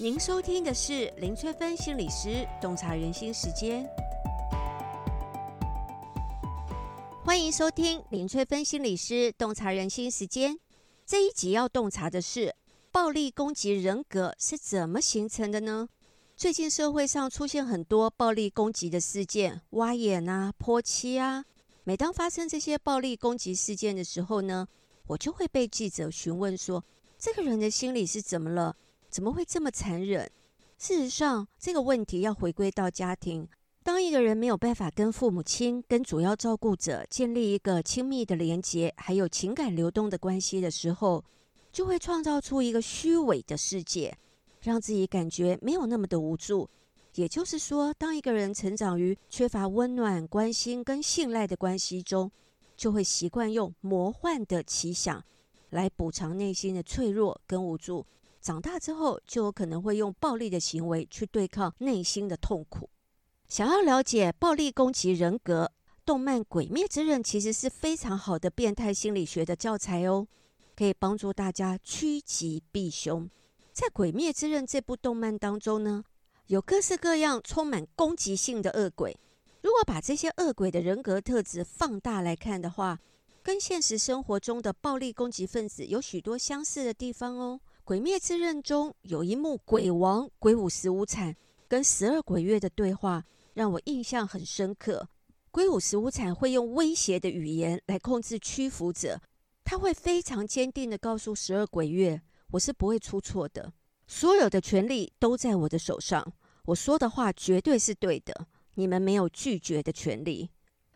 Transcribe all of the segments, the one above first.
您收聽的是林翠芬心理師洞察人心時間，歡迎收聽林翠芬心理師洞察人心時間。這一集要洞察的是，暴力攻擊人格是怎麼形成的呢？最近社會上出現很多暴力攻擊的事件，挖眼啊、潑漆啊。每當發生這些暴力攻擊事件的時候呢，我就會被記者詢問說，這個人的心理是怎麼了？怎麼會這麼殘忍？事實上，這個問題要回歸到家庭。當一個人沒有辦法跟父母親、跟主要照顧者建立一個親密的連結，還有情感流動的關係的時候，就會創造出一個虛偽的世界，讓自己感覺沒有那麼的無助。也就是說，當一個人成長於缺乏溫暖、關心跟信賴的關係中，就會習慣用魔幻的奇想來補償內心的脆弱跟無助。長大之後，就有可能會用暴力的行為去對抗內心的痛苦。想要了解暴力攻擊人格，動漫《鬼滅之刃》其實是非常好的變態心理學的教材哦，可以幫助大家趨吉避凶。在《鬼滅之刃》這部動漫當中呢，有各式各樣充滿攻擊性的惡鬼。如果把這些惡鬼的人格特質放大來看的話，跟現實生活中的暴力攻擊分子有許多相似的地方哦。鬼滅《鬼滅之刃》中有一幕鬼，鬼王鬼舞辻無慘跟十二鬼月的對話讓我印象很深刻。鬼舞辻無慘會用威脅的語言來控制屈服者，他會非常堅定地告訴十二鬼月：“我是不會出錯的，所有的權力都在我的手上，我說的話絕對是對的，你們沒有拒絕的權利。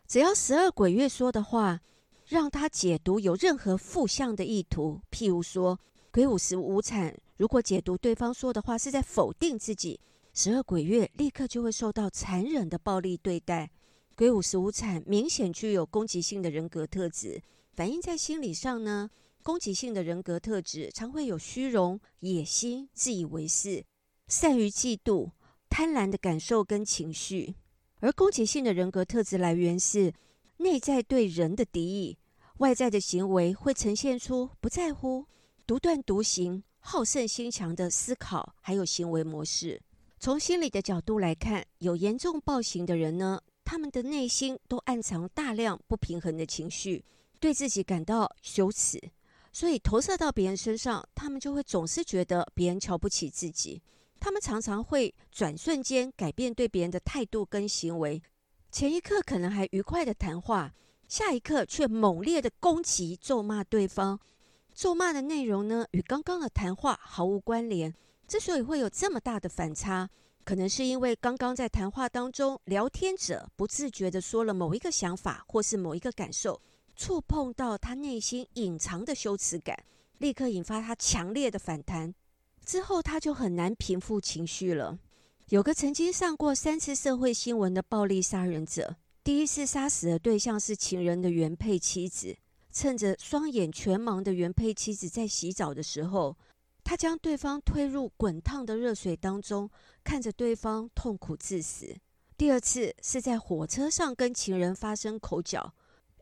只要十二鬼月說的話讓他解讀有任何負向的意圖，譬如說。”鬼舞辻無慘，如果解讀對方說的話是在否定自己，十二鬼月立刻就會受到殘忍的暴力對待。鬼舞辻無慘明顯具有攻擊性的人格特質，反映在心理上呢，攻擊性的人格特質常會有虛榮、野心、自以為是、善於嫉妒、貪婪的感受跟情緒。而攻擊性的人格特質來源是內在對人的敵意，外在的行為會呈現出不在乎，獨斷獨行、好勝心強的思考還有行為模式，從心理的角度來看，有嚴重暴行的人呢，他們的內心都暗藏大量不平衡的情緒，對自己感到羞恥，所以投射到別人身上，他們就會總是覺得別人瞧不起自己。他們常常會轉瞬間改變對別人的態度跟行為，前一刻可能還愉快的談話，下一刻卻猛烈的攻擊、咒罵對方。咒罵的內容呢，與剛剛的談話毫無關聯。之所以會有這麼大的反差，可能是因為剛剛在談話當中，聊天者不自覺地說了某一個想法或是某一個感受，觸碰到他內心隱藏的羞恥感，立刻引發他強烈的反彈。之後他就很難平復情緒了。有個曾經上過三次社會新聞的暴力殺人者，第一次殺死的對象是情人的原配妻子。趁着雙眼全盲的原配妻子在洗澡的時候，他將對方推入滾燙的熱水當中，看着對方痛苦致死。第二次是在火車上跟情人發生口角，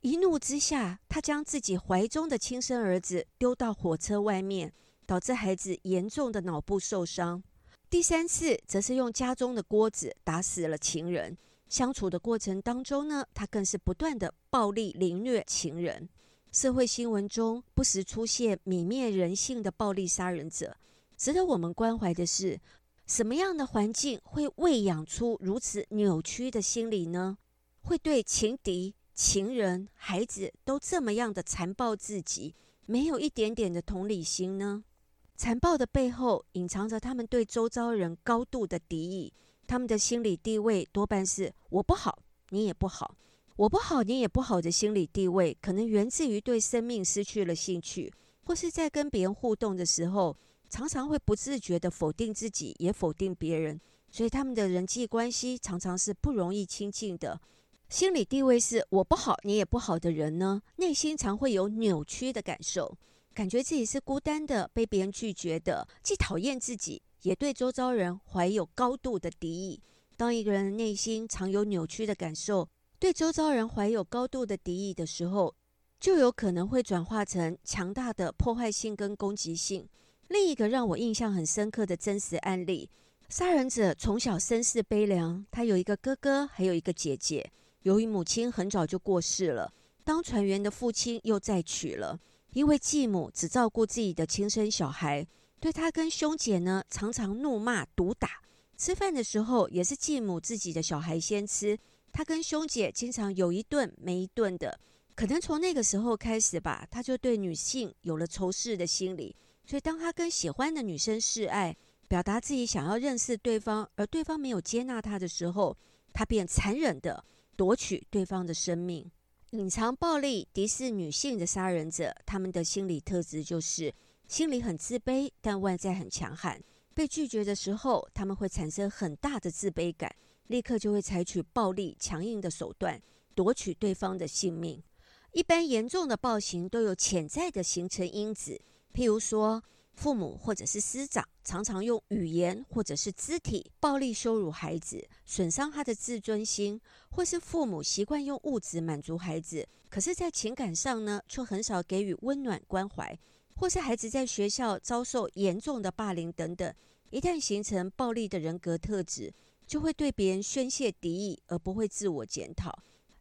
一怒之下，他將自己懷中的親生兒子丟到火車外面，導致孩子嚴重的腦部受傷。第三次則是用家中的鍋子打死了情人。相處的過程當中呢，他更是不斷的暴力凌虐情人。社會新聞中不時出現泯滅人性的暴力殺人者，值得我們關懷的是，什麼樣的環境會餵養出如此扭曲的心理呢？會對情敵、情人、孩子都這麼樣的殘暴至極，沒有一點點的同理心呢？殘暴的背後隱藏着他們對周遭人高度的敵意，他們的心理地位多半是我不好，你也不好。我不好，你也不好的心理地位，可能源自於對生命失去了興趣，或是在跟別人互動的時候，常常會不自覺地否定自己，也否定別人。所以他們的人際關係常常是不容易親近的。心理地位是我不好，你也不好的人呢，內心常會有扭曲的感受，感覺自己是孤單的，被別人拒絕的，既討厭自己，也對周遭人懷有高度的敵意。當一個人的內心常有扭曲的感受，對周遭人懷有高度的敵意的時候，就有可能會轉化成強大的破壞性跟攻擊性。另一個讓我印象很深刻的真實案例，殺人者從小身世悲涼，他有一個哥哥，還有一個姐姐。由於母親很早就過世了，當船員的父親又再娶了，因為繼母只照顧自己的親生小孩，對他跟兄姐呢，常常怒罵、毒打。吃飯的時候，也是繼母自己的小孩先吃。他跟兄姐經常有一頓沒一頓的，可能從那個時候開始吧，他就對女性有了仇視的心理。所以，當他跟喜歡的女生示愛，表達自己想要認識對方，而對方沒有接納他的時候，他便殘忍地奪取對方的生命。隱藏暴力、敵視女性的殺人者，他們的心理特質就是心裡很自卑，但外在很強悍。被拒絕的時候，他們會產生很大的自卑感。立刻就會採取暴力、強硬的手段奪取對方的性命。一般嚴重的暴行都有潛在的形成因子，譬如說，父母或者是師長常常用語言或者是肢體暴力羞辱孩子，損傷他的自尊心；或是父母習慣用物質滿足孩子，可是，在情感上呢，卻很少給予溫暖關懷；或是孩子在學校遭受嚴重的霸凌等等。一旦形成暴力的人格特質，就會對別人宣洩敵意，而不會自我檢討。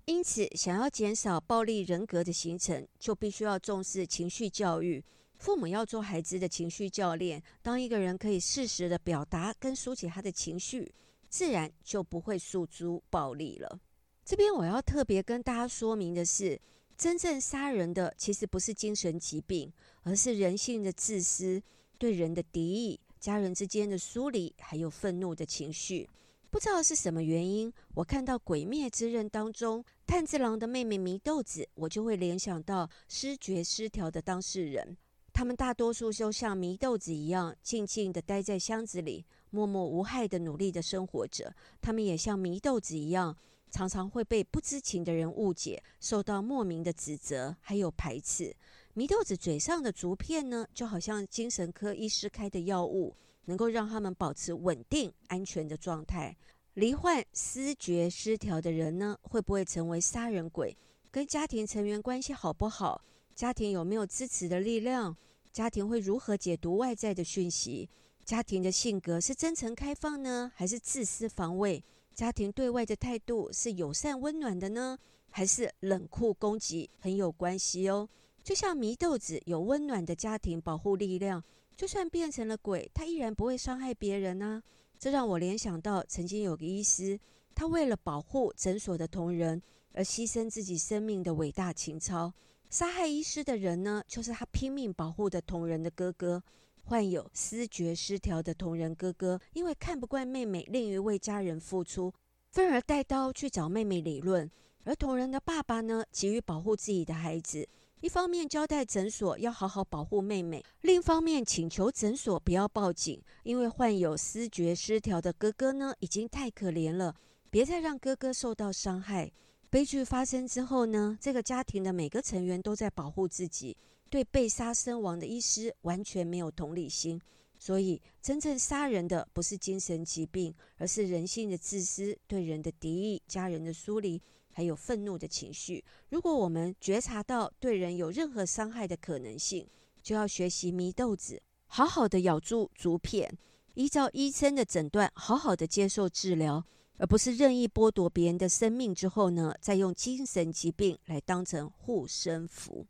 因此，想要減少暴力人格的形成，就必須要重視情緒教育。父母要做孩子的情緒教練。當一個人可以適時的表達跟疏解他的情緒，自然就不會訴諸暴力了。這邊我要特別跟大家說明的是，真正殺人的其實不是精神疾病，而是人性的自私、對人的敵意、家人之間的疏離，還有憤怒的情緒。不知道是什麼原因，我看到《鬼滅之刃》當中炭治郎的妹妹祢豆子，我就會聯想到思覺失調的當事人。他們大多數就像祢豆子一樣，靜靜地待在箱子裡，默默無害地努力地生活着。他們也像祢豆子一樣，常常會被不知情的人誤解，受到莫名的指責還有排斥。祢豆子嘴上的竹片呢，就好像精神科醫師開的藥物。能夠讓他們保持穩定、安全的狀態。罹患思覺失調的人呢，會不會成為殺人鬼？跟家庭成員關係好不好？家庭有沒有支持的力量？家庭會如何解讀外在的訊息？家庭的性格是真誠開放呢，還是自私防衛？家庭對外的態度是友善溫暖的呢，還是冷酷攻擊？很有關係哦。就像祢豆子有溫暖的家庭保護力量。就算變成了鬼，他依然不會傷害別人呢、啊。這讓我聯想到曾經有個醫師，他為了保護診所的同仁而犧牲自己生命的偉大情操。殺害醫師的人呢，就是他拼命保護的同仁的哥哥。患有思覺失調的同仁哥哥，因為看不慣妹妹吝於為家人付出，憤而帶刀去找妹妹理論。而同仁的爸爸呢，急於保護自己的孩子。一方面交代診所要好好保護妹妹，另一方面請求診所不要報警，因為患有思覺失調的哥哥呢已經太可憐了，別再讓哥哥受到傷害。悲劇發生之後呢，這個家庭的每個成員都在保護自己，對被殺身亡的醫師完全沒有同理心，所以真正殺人的不是精神疾病，而是人性的自私、對人的敵意、家人的疏離。還有憤怒的情緒。如果我們覺察到對人有任何傷害的可能性，就要學習禰豆子，好好的咬住竹片，依照醫生的診斷，好好的接受治療，而不是任意剝奪別人的生命之後呢，再用精神疾病來當成護身符。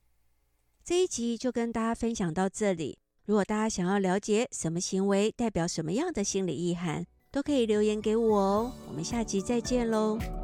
這一集就跟大家分享到這裡。如果大家想要了解什麼行為代表什麼樣的心理意涵，都可以留言給我哦。我們下集再見嘍。